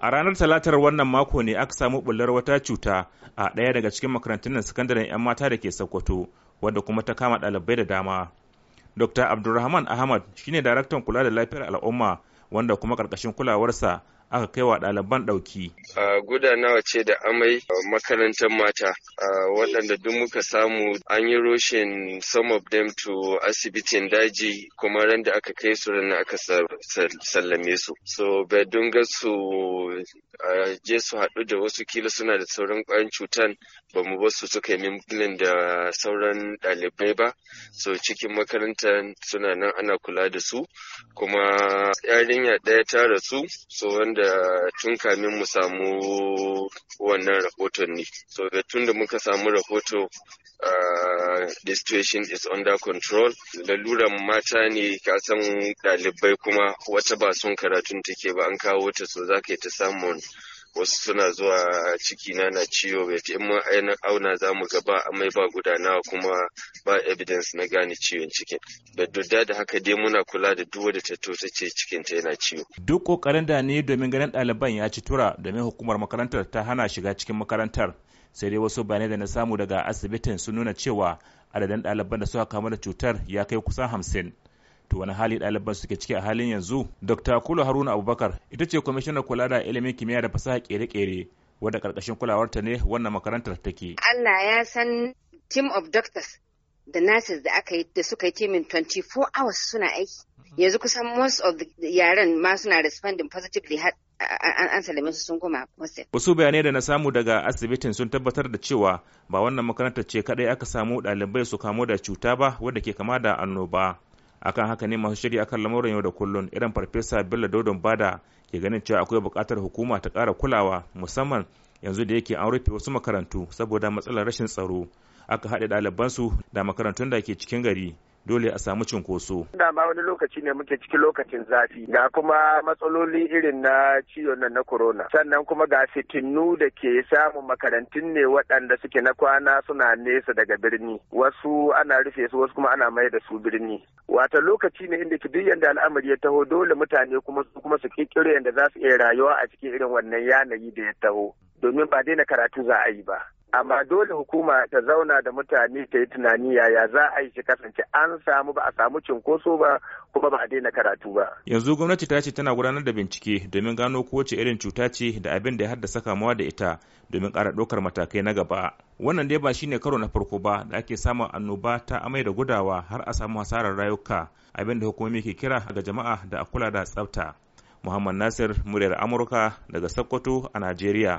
a ranar talatar wannan mako ne aka samu bullar wata cuta a ɗaya daga cikin makarantun nan sakandaren 'yan mata da ke sokoto wadda kuma ta kama ɗalibai da dama dr abdulrahman ahmad shine daraktan kula da lafiyar al'umma wanda kuma ƙarƙashin kulawarsa aka kai wa ɗaliban ɗauki. guda nawa ce da amai makarantar mata waɗanda duk muka samu an yi roshin some of them to asibitin daji kuma ran da aka kai su ran aka sallame su so bai dunga su je su haɗu da wasu kila suna da sauran ƙwayan cutan ba mu basu suka yi mimplin da sauran ɗalibai ba so cikin makarantar suna nan ana kula da su kuma yarinya ɗaya ta rasu so wanda Da tun kamin mu samu wannan rahoton ne so da tun da muka samu rahoto Uh, the situation is under control. Laluran mata ne kasan san ɗalibai kuma wata ba sun karatun take ba an kawo ta so za ka yi ta samun wasu suna zuwa ciki na na ciwo bai in mun aina auna za mu ga ba amai ba gudanawa kuma ba evidence na gane ciwon cikin da dudda da haka dai muna kula da duk da ta ta ce cikin ta yana ciwo duk kokarin da ne domin ganin ɗaliban ya ci tura domin hukumar makarantar ta hana shiga cikin makarantar sai dai wasu bayanai da na samu daga asibitin sun nuna cewa adadin ɗaliban da suka kamu da cutar ya kai kusan hamsin to wani hali ɗaliban suke ciki a halin yanzu dr kulu haruna abubakar ita ce kwamishinar kula da ilimin kimiyya da fasaha kere-kere wadda karkashin kulawarta ne wannan makarantar take allah ya san team of doctors da nurses da aka yi da suka yi teamin 24 hours suna aiki yanzu kusan most of the yaren ma suna responding positively an salame su sun koma hostel. Wasu bayanai da na samu daga asibitin sun tabbatar da cewa ba wannan makarantar ce kadai aka samu ɗalibai su kamo da cuta ba wadda ke kama da annoba. akan haka ne masu shirya akan lamuran yau da kullun irin farfesa bello dodon bada ke ganin cewa akwai buƙatar hukuma ta ƙara kulawa musamman yanzu da yake an rufe wasu makarantu saboda matsalar rashin tsaro aka haɗe ɗalibansu da makarantun da ke cikin gari dole a samu cinkoso. Dama wani lokaci ne muke cikin lokacin zafi ga kuma matsaloli irin na ciwon nan na corona sannan kuma ga fitinnu da ke samun makarantun ne waɗanda suke na kwana suna nesa daga birni wasu ana rufe su wasu kuma ana mai da su birni. Wata lokaci ne inda duk da al'amari ya taho dole mutane kuma su kuma su kirkiro yanda za su iya rayuwa a cikin irin wannan yanayi da ya taho domin ba daina karatu za a yi ba. amma dole hukuma ta zauna da mutane ta yi tunani yaya za a yi shi kasance an samu ba a samu cinkoso ba kuma ba a daina karatu ba. Yanzu gwamnati ta ce tana gudanar da bincike domin gano ko wace irin cuta ce da abin da ya haddasa kamuwa da ita domin kara ɗaukar matakai na gaba. Wannan dai ba shine karo na farko ba da ake samun annoba ta amai da gudawa har a samu hasarar rayuka abin da hukumomi ke kira ga jama'a da a kula da tsafta. Muhammad Nasir, muryar Amurka daga Sokoto a Najeriya.